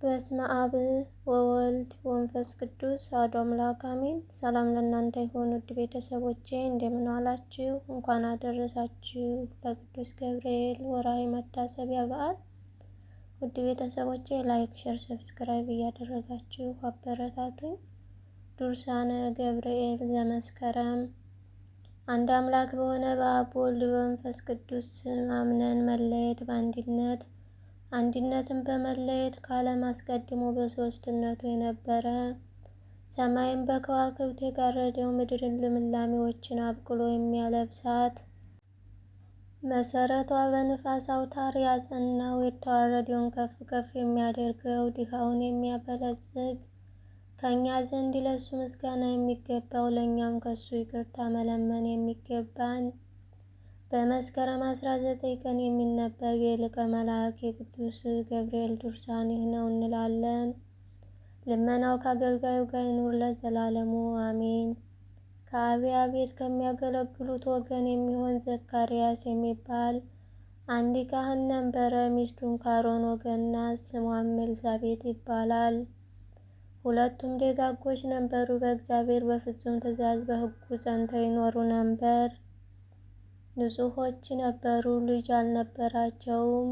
በስመ አብ ወወልድ ወንፈስ ቅዱስ አሐዱ አምላክ አሜን። ሰላም ለእናንተ ይሁን ውድ ቤተሰቦቼ፣ እንደምን አላችሁ? እንኳን አደረሳችሁ ለቅዱስ ገብርኤል ወርሃዊ መታሰቢያ በዓል። ውድ ቤተሰቦቼ ላይክ፣ ሸር፣ ሰብስክራይብ እያደረጋችሁ አበረታቱኝ። ድርሳነ ገብርኤል ዘመስከረም አንድ አምላክ በሆነ በአብ ወልድ በመንፈስ ቅዱስ ስም አምነን መለየት በአንድነት አንድነትን በመለየት ከዓለም አስቀድሞ በሦስትነቱ የነበረ ሰማይን በከዋክብት የጋረደው ምድርን ልምላሜዎችን አብቅሎ የሚያለብሳት መሰረቷ በንፋስ አውታር ያጸናው የተዋረደውን ከፍ ከፍ የሚያደርገው ድሃውን የሚያበለጽግ ከእኛ ዘንድ ለእሱ ምስጋና የሚገባው ለእኛም ከእሱ ይቅርታ መለመን የሚገባን በመስከረም 19 ቀን የሚነበብ የሊቀ መላእክት የቅዱስ ገብርኤል ድርሳን ይህ ነው እንላለን። ልመናው ከአገልጋዩ ጋር ይኑር ለዘላለሙ አሜን። ከአብያ ቤት ከሚያገለግሉት ወገን የሚሆን ዘካርያስ የሚባል አንድ ካህን ነበረ። ሚስቱን ካሮን ወገንና ናት፣ ስሟም ኤልሳቤጥ ይባላል። ሁለቱም ደጋጎች ነበሩ። በእግዚአብሔር በፍጹም ትእዛዝ በሕጉ ጸንተው ይኖሩ ነበር። ንጹሖች ነበሩ፣ ልጅ አልነበራቸውም።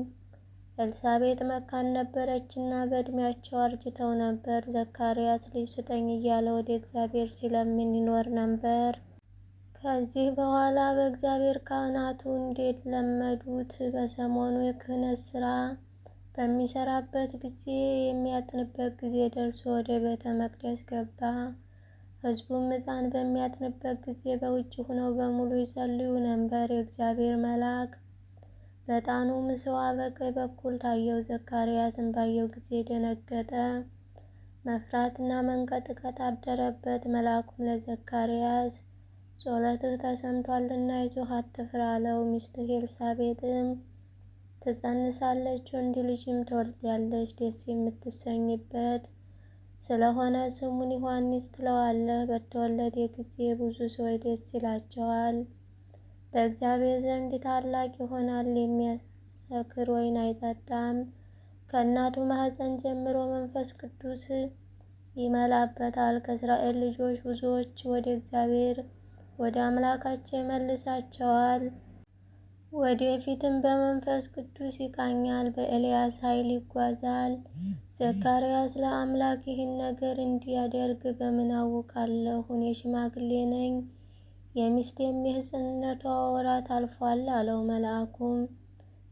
ኤልሳቤጥ መካን ነበረችና በእድሜያቸው አርጅተው ነበር። ዘካርያስ ልጅ ስጠኝ እያለ ወደ እግዚአብሔር ሲለምን ይኖር ነበር። ከዚህ በኋላ በእግዚአብሔር ካህናቱ እንዴት ለመዱት። በሰሞኑ የክህነት ስራ በሚሰራበት ጊዜ የሚያጥንበት ጊዜ ደርሶ ወደ ቤተ መቅደስ ገባ። ሕዝቡም ዕጣን በሚያጥንበት ጊዜ በውጭ ሆነው በሙሉ ይጸልዩ ነበር። የእግዚአብሔር መልአክ በዕጣኑ ምስዋ በቀኝ በኩል ታየው። ዘካርያስን ባየው ጊዜ ደነገጠ፣ መፍራትና መንቀጥቀጥ አደረበት። መልአኩም ለዘካርያስ ጸሎትህ ተሰምቷልና ይዞህ አትፍራ አለው። ሚስትህ ኤልሳቤጥም ትጸንሳለች፣ ወንድ ልጅም ትወልዳለች፣ ደስ የምትሰኝበት ስለሆነ ስሙን ዮሐንስ ትለዋለህ። በተወለደ ጊዜ ብዙ ሰዎች ደስ ይላቸዋል፣ በእግዚአብሔር ዘንድ ታላቅ ይሆናል። የሚያሰክር ወይን አይጠጣም፣ ከእናቱ ማኅፀን ጀምሮ መንፈስ ቅዱስ ይመላበታል። ከእስራኤል ልጆች ብዙዎች ወደ እግዚአብሔር ወደ አምላካቸው ይመልሳቸዋል። ወደፊትም በመንፈስ ቅዱስ ይቃኛል፣ በኤልያስ ኃይል ይጓዛል። ዘካርያስ ለአምላክ ይህን ነገር እንዲያደርግ በምን አውቃለሁ? እኔ ሽማግሌ ነኝ፣ የሚስቴም የሕፅንነቷ ወራት አልፏል አለው። መልአኩም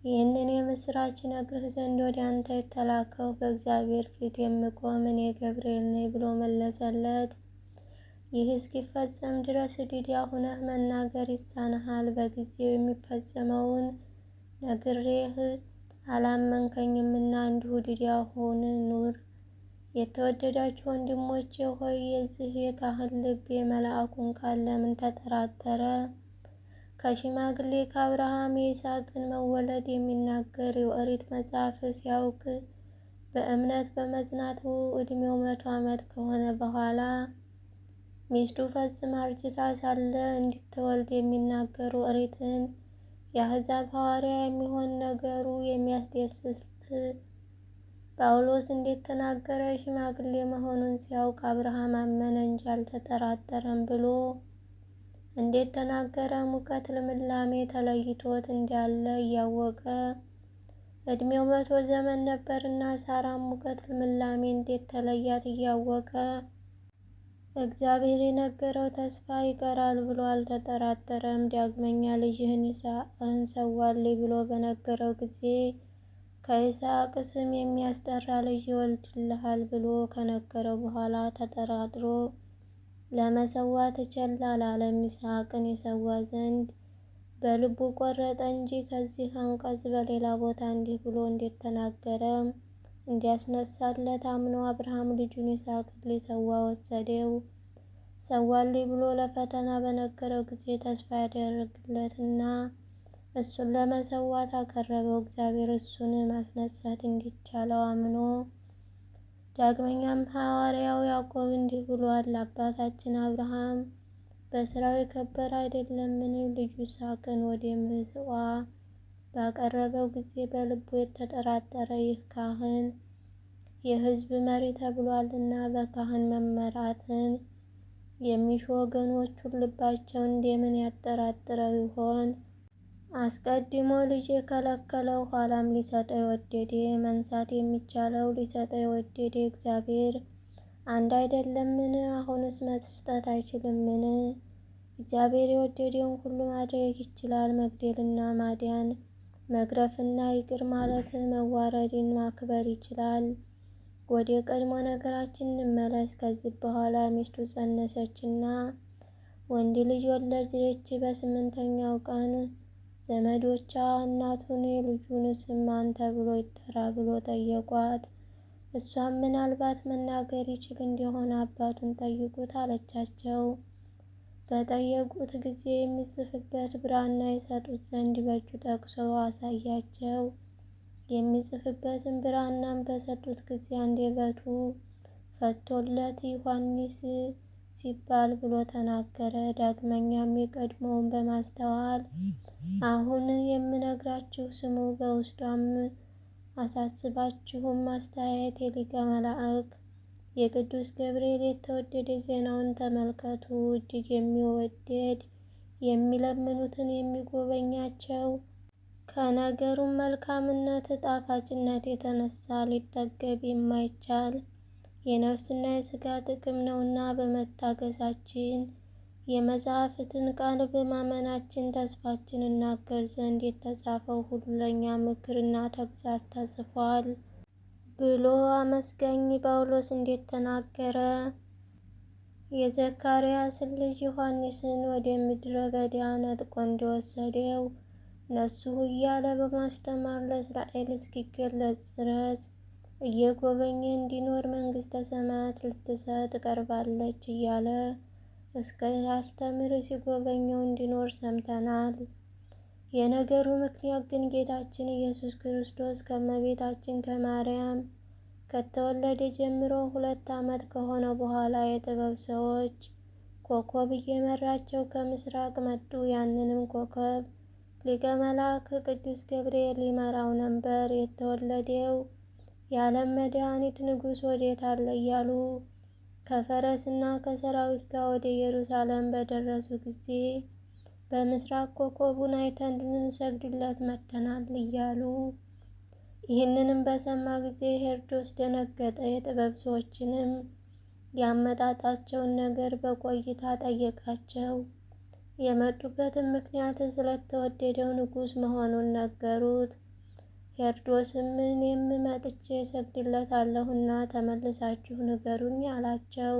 ይህንን የምስራች ነግርህ ዘንድ ወደ አንተ የተላከው በእግዚአብሔር ፊት የምቆም እኔ ገብርኤል ነኝ ብሎ መለሰለት። ይህ እስኪፈጸም ድረስ ዲዳ ሁነህ መናገር ይሳንሃል። በጊዜው የሚፈጸመውን ነግሬህ አላመንከኝምና እንዲሁ ዲዳ ሁን ኑር። የተወደዳችሁ ወንድሞቼ ሆይ የዚህ የካህን ልብ የመልአኩን ቃል ለምን ተጠራጠረ? ከሽማግሌ ከአብርሃም የይስሐቅን መወለድ የሚናገር የኦሪት መጽሐፍ ሲያውቅ በእምነት በመጽናቱ ዕድሜው መቶ ዓመት ከሆነ በኋላ ሚስቱ ፈጽማ አርጅታ ሳለ እንድትወልድ የሚናገሩ ኦሪትን የአሕዛብ ሐዋርያ የሚሆን ነገሩ የሚያስደስት ጳውሎስ እንዴት ተናገረ ሽማግሌ መሆኑን ሲያውቅ አብርሃም አመነ እንጂ አልተጠራጠረም ብሎ እንዴት ተናገረ ሙቀት ልምላሜ ተለይቶት እንዳለ እያወቀ እድሜው መቶ ዘመን ነበርና ሳራም ሙቀት ልምላሜ እንዴት ተለያት እያወቀ እግዚአብሔር የነገረው ተስፋ ይቀራል ብሎ አልተጠራጠረም። ዳግመኛ ልጅህን ይስሐቅን ሰዋልኝ ብሎ በነገረው ጊዜ ከይስሐቅ ስም የሚያስጠራ ልጅ ይወልድልሃል ብሎ ከነገረው በኋላ ተጠራጥሮ ለመሰዋት ቸል አላለም። ይስሐቅን የሰዋ ዘንድ በልቡ ቆረጠ እንጂ ከዚህ አንቀጽ በሌላ ቦታ እንዲህ ብሎ እንዴት ተናገረ? እንዲያስነሳለት አምኖ አብርሃም ልጁን ይስሐቅን ሊሰዋ ወሰደው። ሰዋልኝ ብሎ ለፈተና በነገረው ጊዜ ተስፋ ያደረግለትና እሱን ለመሰዋት አቀረበው። እግዚአብሔር እሱን ማስነሳት እንዲቻለው አምኖ ዳግመኛም ሐዋርያው ያዕቆብ እንዲህ ብሏል፣ አባታችን አብርሃም በስራው የከበረ አይደለምን? ልጁ ይስሐቅን ወደ ምጽዋ ባቀረበው ጊዜ በልቡ የተጠራጠረ ይህ ካህን የሕዝብ መሪ እና በካህን መመራትን የሚሹ ወገኖቹን ልባቸው እንደምን ያጠራጥረው ይሆን? አስቀድሞ ልጅ የከለከለው ኋላም ሊሰጠው የወደደ መንሳት የሚቻለው ሊሰጠው የወደደ እግዚአብሔር አንድ አይደለምን? አሁንስ መስጠት አይችልምን? እግዚአብሔር የወደደውን ሁሉ ማድረግ ይችላል። መግደልና ማዳን መግረፍና ይቅር ማለት መዋረድን ማክበር ይችላል። ወደ ቀድሞ ነገራችን እንመለስ። ከዚህ በኋላ ሚስቱ ጸነሰችና ወንድ ልጅ ወለደች። በስምንተኛው ቀን ዘመዶቿ እናቱን የልጁን ስም ማን ተብሎ ይጠራ ብሎ ጠየቋት። እሷም ምናልባት መናገር ይችል እንደሆነ አባቱን ጠይቁት አለቻቸው። በጠየቁት ጊዜ የሚጽፍበት ብራና የሰጡት ዘንድ በእጁ ጠቅሶ አሳያቸው። የሚጽፍበትን ብራናም በሰጡት ጊዜ አንደበቱ ፈቶለት ዮሐንስ ሲባል ብሎ ተናገረ። ዳግመኛም የቀድሞውን በማስተዋል አሁን የምነግራችሁ ስሙ፣ በውስጧም አሳስባችሁም አስተያየት የሊቀ መላእክ የቅዱስ ገብርኤል የተወደደ ዜናውን ተመልከቱ። እጅግ የሚወደድ የሚለምኑትን የሚጎበኛቸው ከነገሩም መልካምነት ጣፋጭነት የተነሳ ሊጠገብ የማይቻል የነፍስና የስጋ ጥቅም ነውና በመታገሳችን የመጽሐፍትን ቃል በማመናችን ተስፋችን እናገር ዘንድ የተጻፈው ሁሉ ለእኛ ምክርና ተግሳጽ ተጽፏል። ብሎ አመስጋኝ ጳውሎስ እንዴት ተናገረ? የዘካርያስ ልጅ ዮሐንስን ወደ ምድረ በዳ ነጥቆ እንደወሰደው ነሱ እያለ በማስተማር ለእስራኤል እስኪገለጽ ድረስ እየጎበኘ እንዲኖር መንግሥተ ሰማያት ልትሰጥ ቀርባለች እያለ እስከ አስተምር ሲጎበኘው እንዲኖር ሰምተናል። የነገሩ ምክንያት ግን ጌታችን ኢየሱስ ክርስቶስ ከመቤታችን ከማርያም ከተወለደ ጀምሮ ሁለት ዓመት ከሆነ በኋላ የጥበብ ሰዎች ኮከብ እየመራቸው ከምስራቅ መጡ። ያንንም ኮከብ ሊቀ መልአክ ቅዱስ ገብርኤል ይመራው ነበር። የተወለደው የዓለም መድኃኒት ንጉሥ ወዴት አለ እያሉ ከፈረስና ከሰራዊት ጋር ወደ ኢየሩሳሌም በደረሱ ጊዜ በምስራቅ ኮከቡን አይተን ልንሰግድለት መጥተናል እያሉ ይህንንም በሰማ ጊዜ ሄሮድስ ደነገጠ። የጥበብ ሰዎችንም ያመጣጣቸውን ነገር በቆይታ ጠየቃቸው። የመጡበትን ምክንያት ስለተወደደው ንጉሥ መሆኑን ነገሩት። ሄሮድስም እኔም መጥቼ ሰግድለታለሁና ተመልሳችሁ ንገሩኝ አላቸው።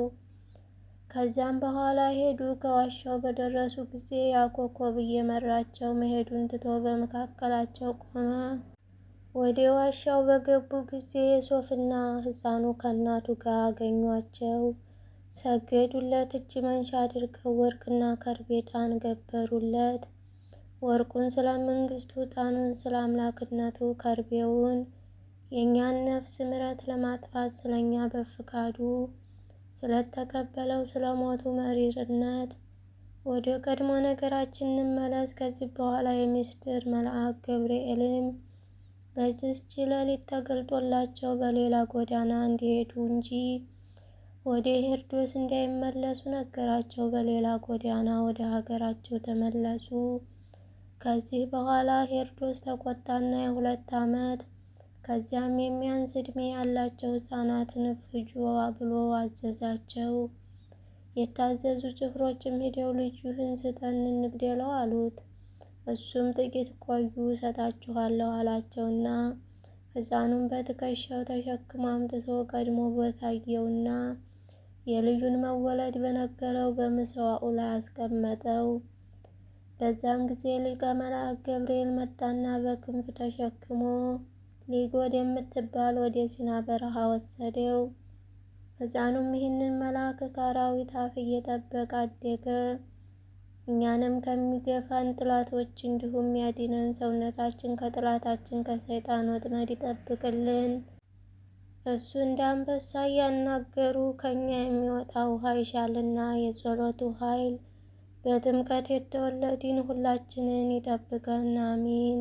ከዚያም በኋላ ሄዱ። ከዋሻው በደረሱ ጊዜ ያኮኮብ እየመራቸው መሄዱን ትቶ በመካከላቸው ቆመ። ወደ ዋሻው በገቡ ጊዜ ሶፍና ሕፃኑ ከእናቱ ጋር አገኟቸው። ሰገዱለት። እጅ መንሻ አድርገው ወርቅና ከርቤጣን ገበሩለት። ወርቁን ስለ መንግስቱ፣ ጣኑን ስለ አምላክነቱ፣ ከርቤውን የእኛን ነፍስ ምረት ለማጥፋት ስለኛ በፍቃዱ ስለተቀበለው ስለሞቱ መሪርነት ወደ ቀድሞ ነገራችን እንመለስ። ከዚህ በኋላ የምስጢር መልአክ ገብርኤልም በዚህች ሌሊት ተገልጦላቸው በሌላ ጎዳና እንዲሄዱ እንጂ ወደ ሄሮድስ እንዳይመለሱ ነገራቸው። በሌላ ጎዳና ወደ ሀገራቸው ተመለሱ። ከዚህ በኋላ ሄሮድስ ተቆጣና የሁለት ዓመት ከዚያም የሚያንስ እድሜ ያላቸው ህፃናትን ፍጁ ብሎ አዘዛቸው። የታዘዙ ጭፍሮችም ሄደው ልጅህን ስጠን እንግደለው አሉት። እሱም ጥቂት ቆዩ እሰጣችኋለሁ አላቸውና ሕፃኑን በትከሻው ተሸክሞ አምጥቶ ቀድሞ በታየውና የልጁን መወለድ በነገረው በምስዋዑ ላይ አስቀመጠው። በዛም ጊዜ ሊቀ መላእክት ገብርኤል መጣና በክንፍ ተሸክሞ ሊግ ወደምትባል ወደ ሲና በረሃ ወሰደው። ሕፃኑም ይህንን መልአክ ከአራዊት አፍ እየጠበቀ አደገ። እኛንም ከሚገፋን ጥላቶች እንዲሁም ያድነን፣ ሰውነታችን ከጥላታችን ከሰይጣን ወጥመድ ይጠብቅልን። እሱ እንደ አንበሳ እያናገሩ ከኛ የሚወጣ ውሃ ይሻልና የጸሎቱ ኃይል በጥምቀት የተወለድን ሁላችንን ይጠብቀን፣ አሚን።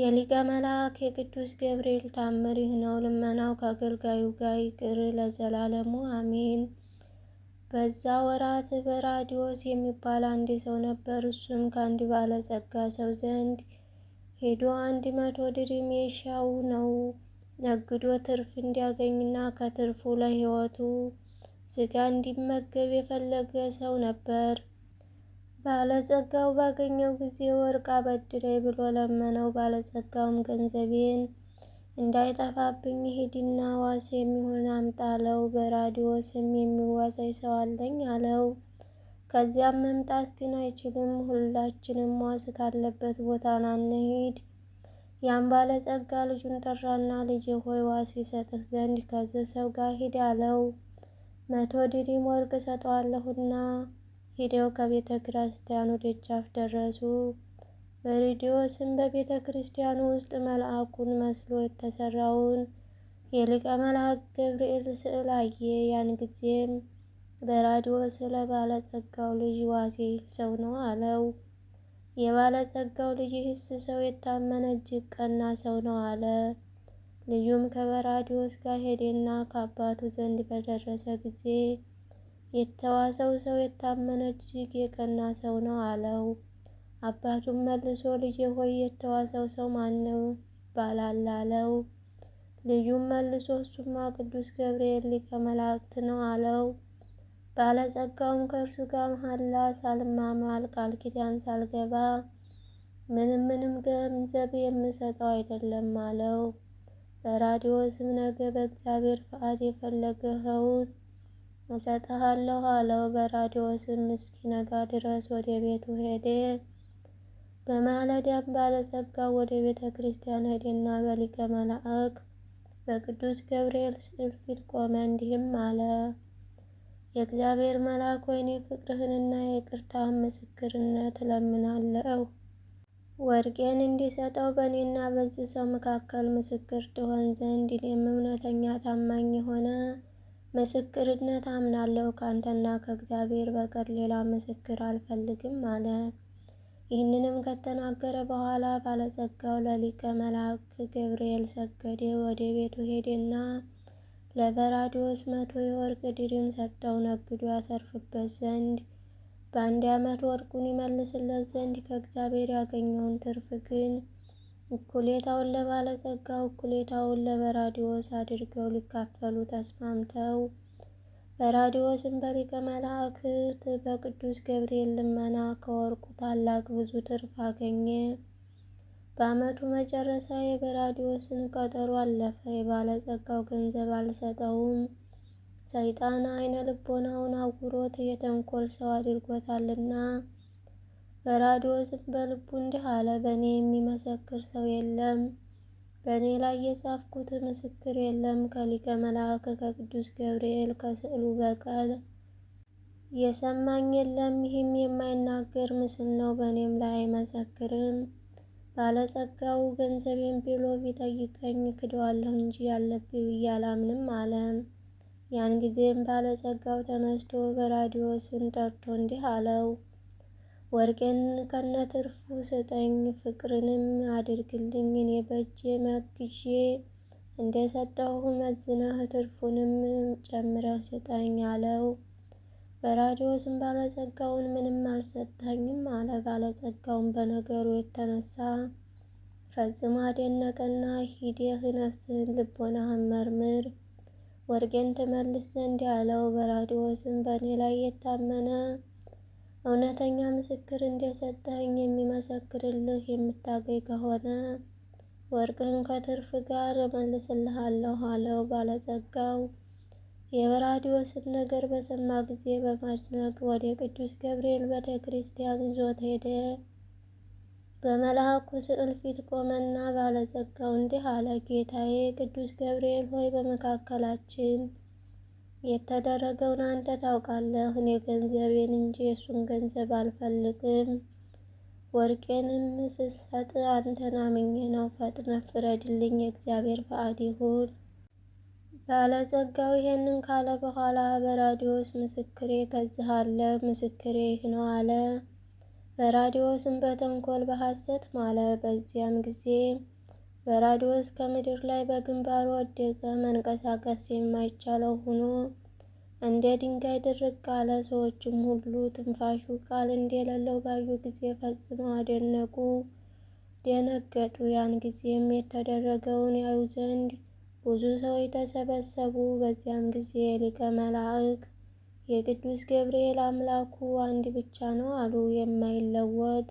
የሊቀ መልአክ የቅዱስ ገብርኤል ታምር ይህ ነው። ልመናው ከአገልጋዩ ጋር ይቅር ለዘላለሙ አሜን። በዛ ወራት በራዲዮስ የሚባል አንድ ሰው ነበር። እሱም ከአንድ ባለጸጋ ሰው ዘንድ ሄዶ አንድ መቶ ድሪም የሻው ነው ነግዶ ትርፍ እንዲያገኝና ከትርፉ ለሕይወቱ ስጋ እንዲመገብ የፈለገ ሰው ነበር። ባለጸጋው ባገኘው ጊዜ ወርቅ አበድሬ ብሎ ለመነው። ባለጸጋውም ገንዘቤን እንዳይጠፋብኝ ሂድና ዋስ የሚሆን አምጣለው፣ በራዲዮ ስም የሚዋሳኝ ሰው አለኝ አለው። ከዚያም መምጣት ግን አይችልም፣ ሁላችንም ዋስ ካለበት ቦታ ና እንሂድ። ያም ባለጸጋ ልጁን ጠራና ልጅ ሆይ ዋስ ይሰጥህ ዘንድ ከዚህ ሰው ጋር ሂድ አለው። መቶ ዲሪም ወርቅ እሰጠዋለሁና ሄደው ከቤተ ክርስቲያኑ ደጃፍ ደረሱ። በሬዲዮስም በቤተ ክርስቲያኑ ውስጥ መልአኩን መስሎ የተሰራውን የሊቀ መልአክ ገብርኤል ስዕል አየ። ያን ጊዜም በራዲዮ ስለ ባለጸጋው ልጅ ዋሴ ሰው ነው አለው። የባለጸጋው ልጅ ይህስ ሰው የታመነ እጅግ ቀና ሰው ነው አለ። ልጁም ከበራዲዮስ ጋር ሄደና ከአባቱ ዘንድ በደረሰ ጊዜ የተዋሰው ሰው የታመነ እጅግ የቀና ሰው ነው አለው። አባቱም መልሶ ልጄ ሆይ የተዋሰው ሰው ነው ይባላል አለው። ልጁም መልሶ እሱማ ቅዱስ ገብርኤል ሊቀ መላእክት ነው አለው። ባለጸጋውም ከእርሱ ጋር መሐላ ሳልማማል ቃል ኪዳን ሳልገባ ምንም ምንም ገንዘብ የምሰጠው አይደለም አለው። በራዲዮ ስም ነገ በእግዚአብሔር ፈቃድ የፈለገኸውን እሰጥሃለሁ አለው። ስም እስኪነጋ ድረስ ወደ ቤቱ ሄደ። በማለዳም ባለጸጋው ወደ ቤተ ክርስቲያን ሄደና በሊቀ መላእክ በቅዱስ ገብርኤል ስዕል ፊት ቆመ፣ እንዲህም አለ። የእግዚአብሔር መልአክ ሆይ እኔ ፍቅርህንና የይቅርታህን ምስክርነት እለምናለሁ። ወርቄን እንዲሰጠው በእኔና በዚህ ሰው መካከል ምስክር ትሆን ዘንድ እኔም እውነተኛ ታማኝ የሆነ ምስክርነት አምናለሁ ከአንተና ከእግዚአብሔር በቀር ሌላ ምስክር አልፈልግም አለ። ይህንንም ከተናገረ በኋላ ባለጸጋው ለሊቀ መላእክት ገብርኤል ሰገደ። ወደ ቤቱ ሄደና ለበራዲዎስ መቶ የወርቅ ድሪም ሰጠው፣ ነግዶ ያተርፍበት ዘንድ በአንድ ዓመት ወርቁን ይመልስለት ዘንድ ከእግዚአብሔር ያገኘውን ትርፍ ግን እኩሌታውን ለባለጸጋ እኩሌታውን ለበራዲዎስ አድርገው ሊካፈሉ ተስማምተው በራዲዎስም በሊቀ መላእክት በቅዱስ ገብርኤል ልመና ከወርቁ ታላቅ ብዙ ትርፍ አገኘ። በዓመቱ መጨረሻ የበራዲዎስን ቀጠሮ አለፈ። የባለጸጋው ገንዘብ አልሰጠውም፣ ሰይጣን አይነ ልቦናውን አውሮት የተንኮል ሰው አድርጎታልና። በራዲዮስም በልቡ እንዲህ አለ፣ በእኔ የሚመሰክር ሰው የለም፣ በእኔ ላይ የጻፍኩት ምስክር የለም ከሊቀ መልአክ ከቅዱስ ገብርኤል ከስዕሉ በቀር የሰማኝ የለም። ይህም የማይናገር ምስል ነው፣ በእኔም ላይ አይመሰክርም። ባለጸጋው ገንዘቤን ብሎ ቢጠይቀኝ ክደዋለሁ እንጂ ያለብኝ ብዬ አላምንም አለ። ያን ጊዜም ባለጸጋው ተነስቶ በራዲዮስን ጠርቶ እንዲህ አለው ወርቄን ከነትርፉ ስጠኝ፣ ፍቅርንም አድርግልኝ እኔ በእጄ መግዤ ሰጠሁ መዝነህ ትርፉንም ጨምረህ ስጠኝ አለው። በራዲዮስም ባለጸጋውን ምንም አልሰጠኝም አለ። ባለጸጋውን በነገሩ የተነሳ ፈጽሞ አደነቀና ሂደህ ነፍስህን ልቦናህን መርምር ወርቄን ትመልስ ዘንድ አለው። በራዲዮስም በእኔ ላይ የታመነ እውነተኛ ምስክር እንደሰጠኝ የሚመሰክርልህ የምታገኝ ከሆነ ወርቅህን ከትርፍ ጋር እመልስልሃለሁ አለው። ባለጸጋው የበራዲዎስን ነገር በሰማ ጊዜ በማድነቅ ወደ ቅዱስ ገብርኤል ቤተ ክርስቲያን ይዞት ሄደ። በመልአኩ ስዕል ፊት ቆመና ባለጸጋው እንዲህ አለ፣ ጌታዬ ቅዱስ ገብርኤል ሆይ በመካከላችን የተደረገውን አንተ ታውቃለህ። እኔ ገንዘቤን እንጂ የእሱን ገንዘብ አልፈልግም። ወርቄንም ስሰጥ አንተን አምኜ ነው። ፈጥነ ፍረድልኝ፣ የእግዚአብሔር ፈቃድ ይሁን። ባለጸጋው ይሄንን ካለ በኋላ በራዲዮስ ምስክሬ ከዚህ አለ፣ ምስክሬ ይህ ነው አለ። በራዲዮስም በተንኮል በሐሰት ማለ። በዚያን ጊዜ በራዲዮ እስከ ከምድር ላይ በግንባሩ ወደቀ። መንቀሳቀስ የማይቻለው ሆኖ እንደ ድንጋይ ድርቅ አለ። ሰዎችም ሁሉ ትንፋሹ ቃል እንደሌለው ባዩ ጊዜ ፈጽመው አደነቁ፣ ደነገጡ። ያን ጊዜም የተደረገውን ያዩ ዘንድ ብዙ ሰዎች ተሰበሰቡ። በዚያም ጊዜ ሊቀ መላእክት የቅዱስ ገብርኤል አምላኩ አንድ ብቻ ነው አሉ፣ የማይለወጥ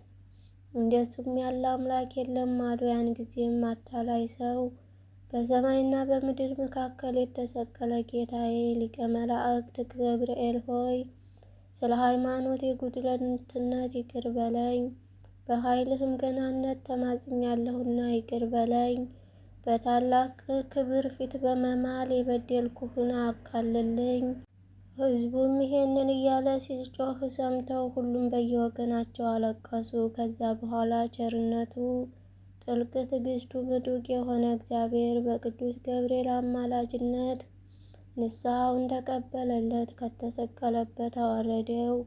እንደሱም ያለ አምላክ የለም አሉ። ያን ጊዜም አታላይ ሰው በሰማይና በምድር መካከል የተሰቀለ ጌታዬ ሊቀ መላእክት ገብርኤል ሆይ ስለ ሃይማኖት የጉድለትነት ይቅር በለኝ፣ በኃይልህም ገናነት ተማጽኛለሁና ይቅር በለኝ። በታላቅ ክብር ፊት በመማል የበደልኩህን አካልልኝ። ህዝቡም ይሄንን እያለ ሲጮህ ሰምተው ሁሉም በየወገናቸው አለቀሱ። ከዛ በኋላ ቸርነቱ ጥልቅ ትዕግስቱ ምጡቅ የሆነ እግዚአብሔር በቅዱስ ገብርኤል አማላጅነት ንስሐውን ተቀበለለት። ከተሰቀለበት አወረደው።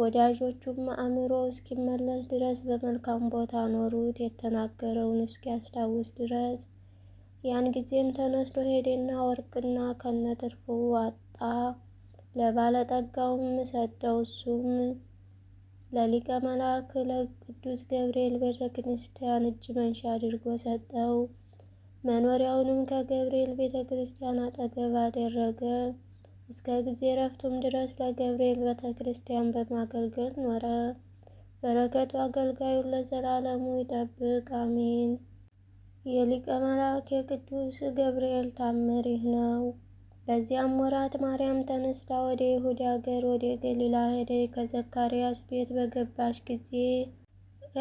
ወዳጆቹም አእምሮ እስኪመለስ ድረስ በመልካም ቦታ ኖሩት፣ የተናገረውን እስኪያስታውስ ድረስ። ያን ጊዜም ተነስቶ ሄደና ወርቅና ከነትርፉ አጣ። ለባለጠጋውም ሰጠው። እሱም ለሊቀ መልአክ ለቅዱስ ገብርኤል ቤተ ክርስቲያን እጅ መንሻ አድርጎ ሰጠው። መኖሪያውንም ከገብርኤል ቤተ ክርስቲያን አጠገብ አደረገ። እስከ ጊዜ ረፍቱም ድረስ ለገብርኤል ቤተ ክርስቲያን በማገልገል ኖረ። በረከቱ አገልጋዩን ለዘላለሙ ይጠብቅ፣ አሜን። የሊቀ መልአክ የቅዱስ ገብርኤል ታምር ይህ ነው። በዚያም ወራት ማርያም ተነስታ ወደ ይሁድ ሀገር ወደ ገሊላ ሄደ ከዘካርያስ ቤት በገባች ጊዜ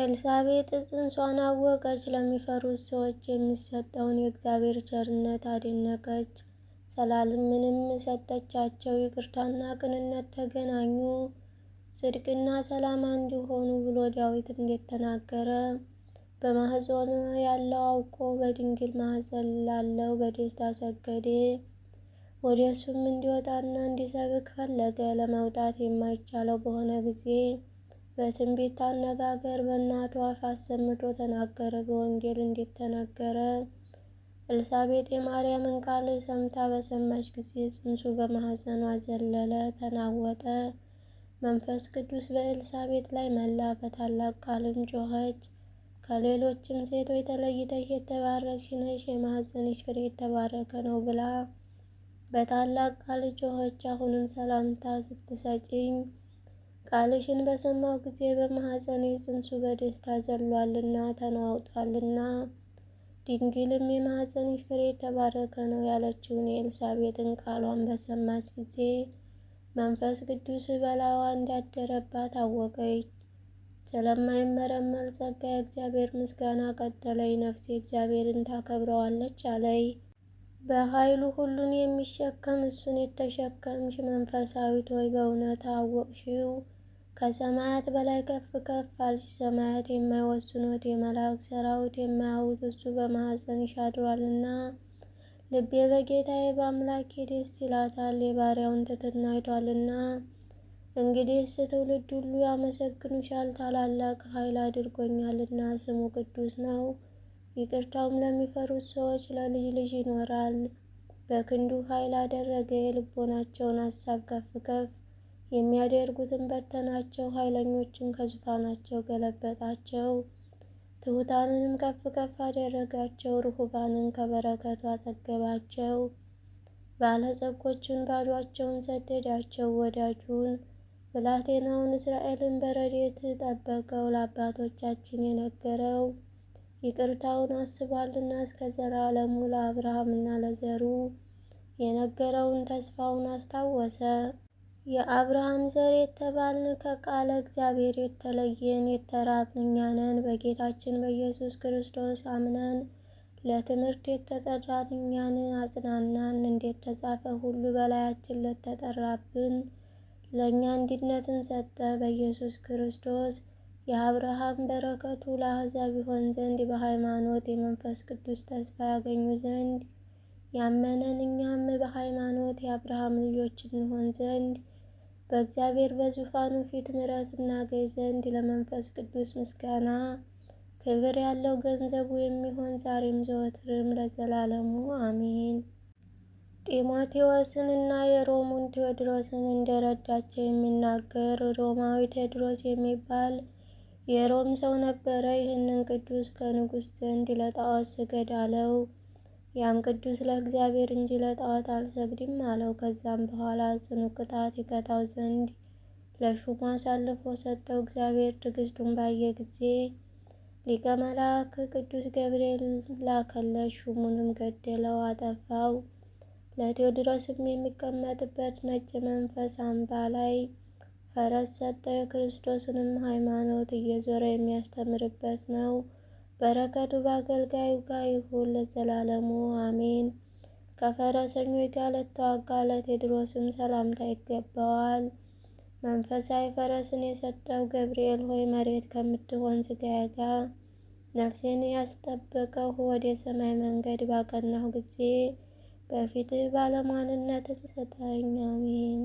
ኤልሳቤጥ ጽንሷን አወቀች። ለሚፈሩት ሰዎች የሚሰጠውን የእግዚአብሔር ቸርነት አደነቀች። ሰላምንም ሰጠቻቸው። ይቅርታና ቅንነት ተገናኙ፣ ጽድቅና ሰላም አንድ ሆኑ ብሎ ዳዊት እንዴት ተናገረ? በማኅፀኗ ያለው አውቆ በድንግል ማኅፀን ላለው በደስታ ሰገደ። ወደ እሱም እንዲወጣና እንዲሰብክ ፈለገ። ለመውጣት የማይቻለው በሆነ ጊዜ በትንቢት አነጋገር በእናቱ አፍ አሰምቶ ተናገረ። በወንጌል እንዴት ተናገረ? ኤልሳቤጥ የማርያምን ቃል ሰምታ በሰማች ጊዜ ጽንሱ በማኅፀኗ ዘለለ፣ ተናወጠ። መንፈስ ቅዱስ በኤልሳቤጥ ላይ መላ። በታላቅ ቃልም ጮኸች፣ ከሌሎችም ሴቶች ተለይተሽ የተባረክሽ ነሽ፣ የማኅፀንሽ ፍሬ የተባረከ ነው ብላ በታላቅ ቃል ጮኸች። አሁንም ሰላምታ ስትሰጪኝ ቃልሽን በሰማሁ ጊዜ በማኅፀኔ ጽንሱ በደስታ ዘሏልና ተናውጧልና ድንግልም የማኅፀንሽ ፍሬ የተባረከ ነው ያለችውን የኤልሳቤጥን ቃሏን በሰማች ጊዜ መንፈስ ቅዱስ በላዋ እንዳደረባት አወቀች። ስለማይመረመር ጸጋ የእግዚአብሔር ምስጋና ቀጠለኝ። ነፍሴ እግዚአብሔርን ታከብረዋለች አለይ በኃይሉ ሁሉን የሚሸከም እሱን የተሸከምሽ መንፈሳዊት ሆይ በእውነት አወቅሽው። ከሰማያት በላይ ከፍ ከፍ አልሽ። ሰማያት የማይወስኑት የመላእክት ሰራዊት የማያውት እሱ በማኅፀንሽ አድሯልና። ልቤ በጌታዬ በአምላኬ ደስ ይላታል፣ የባሪያውን ትሕትና አይቷልና። እንግዲህስ ትውልድ ሁሉ ያመሰግኑሻል፣ ታላላቅ ኃይል አድርጎኛልና ስሙ ቅዱስ ነው። ይቅርታውም ለሚፈሩት ሰዎች ለልጅ ልጅ ይኖራል። በክንዱ ኃይል አደረገ የልቦናቸውን ሀሳብ ከፍ ከፍ የሚያደርጉትን በተናቸው። ኃይለኞችን ከዙፋናቸው ገለበጣቸው፣ ትሑታንንም ከፍ ከፍ አደረጋቸው። ርሁባንን ከበረከቱ አጠገባቸው፣ ባለጸጎችን ባዷቸውን ሰደዳቸው። ወዳጁን ብላቴናውን እስራኤልን በረዴት ጠበቀው፣ ለአባቶቻችን የነገረው ይቅርታውን አስባልና እስከ ዘላለሙ ለአብርሃምና ለዘሩ የነገረውን ተስፋውን አስታወሰ። የአብርሃም ዘር የተባልን ከቃለ እግዚአብሔር የተለየን የተራብን እኛ ነን። በጌታችን በኢየሱስ ክርስቶስ አምነን ለትምህርት የተጠራን እኛን አጽናናን። እንዴት ተጻፈ ሁሉ በላያችን ለተጠራብን ለእኛ አንድነትን ሰጠ በኢየሱስ ክርስቶስ የአብርሃም በረከቱ ለአሕዛብ ይሆን ዘንድ በሃይማኖት የመንፈስ ቅዱስ ተስፋ ያገኙ ዘንድ ያመነን እኛም በሃይማኖት የአብርሃም ልጆች እንሆን ዘንድ በእግዚአብሔር በዙፋኑ ፊት ምሕረት እናገኝ ዘንድ ለመንፈስ ቅዱስ ምስጋና ክብር ያለው ገንዘቡ የሚሆን ዛሬም ዘወትርም ለዘላለሙ አሜን። ጢሞቴዎስን እና የሮሙን ቴዎድሮስን እንደረዳቸው የሚናገር ሮማዊ ቴዎድሮስ የሚባል የሮም ሰው ነበረ። ይህንን ቅዱስ ከንጉሥ ዘንድ ለጣዖት ስገድ አለው። ያም ቅዱስ ለእግዚአብሔር እንጂ ለጣዖት አልሰግድም አለው። ከዛም በኋላ ጽኑ ቅጣት ይቀጣው ዘንድ ለሹሙ አሳልፎ ሰጠው። እግዚአብሔር ትዕግስቱን ባየ ጊዜ ሊቀ መልአክ ቅዱስ ገብርኤል ላከለት፣ ሹሙንም ገደለው፣ አጠፋው። ለቴዎድሮስም የሚቀመጥበት ነጭ መንፈስ አምባ ላይ ፈረስ ሰጠው። የክርስቶስንም ሃይማኖት እየዞረ የሚያስተምርበት ነው። በረከቱ በአገልጋዩ ጋር ይሁን ለዘላለሙ አሜን። ከፈረሰኞች ጋር ለተዋጋ ለቴዎድሮስም ሰላምታ ይገባዋል። መንፈሳዊ ፈረስን የሰጠው ገብርኤል ሆይ መሬት ከምትሆን ሥጋዬ ጋር ነፍሴን ያስጠበቀው ወደ ሰማይ መንገድ ባቀናሁ ጊዜ በፊትህ ባለሟልነት ስጠኝ። አሜን።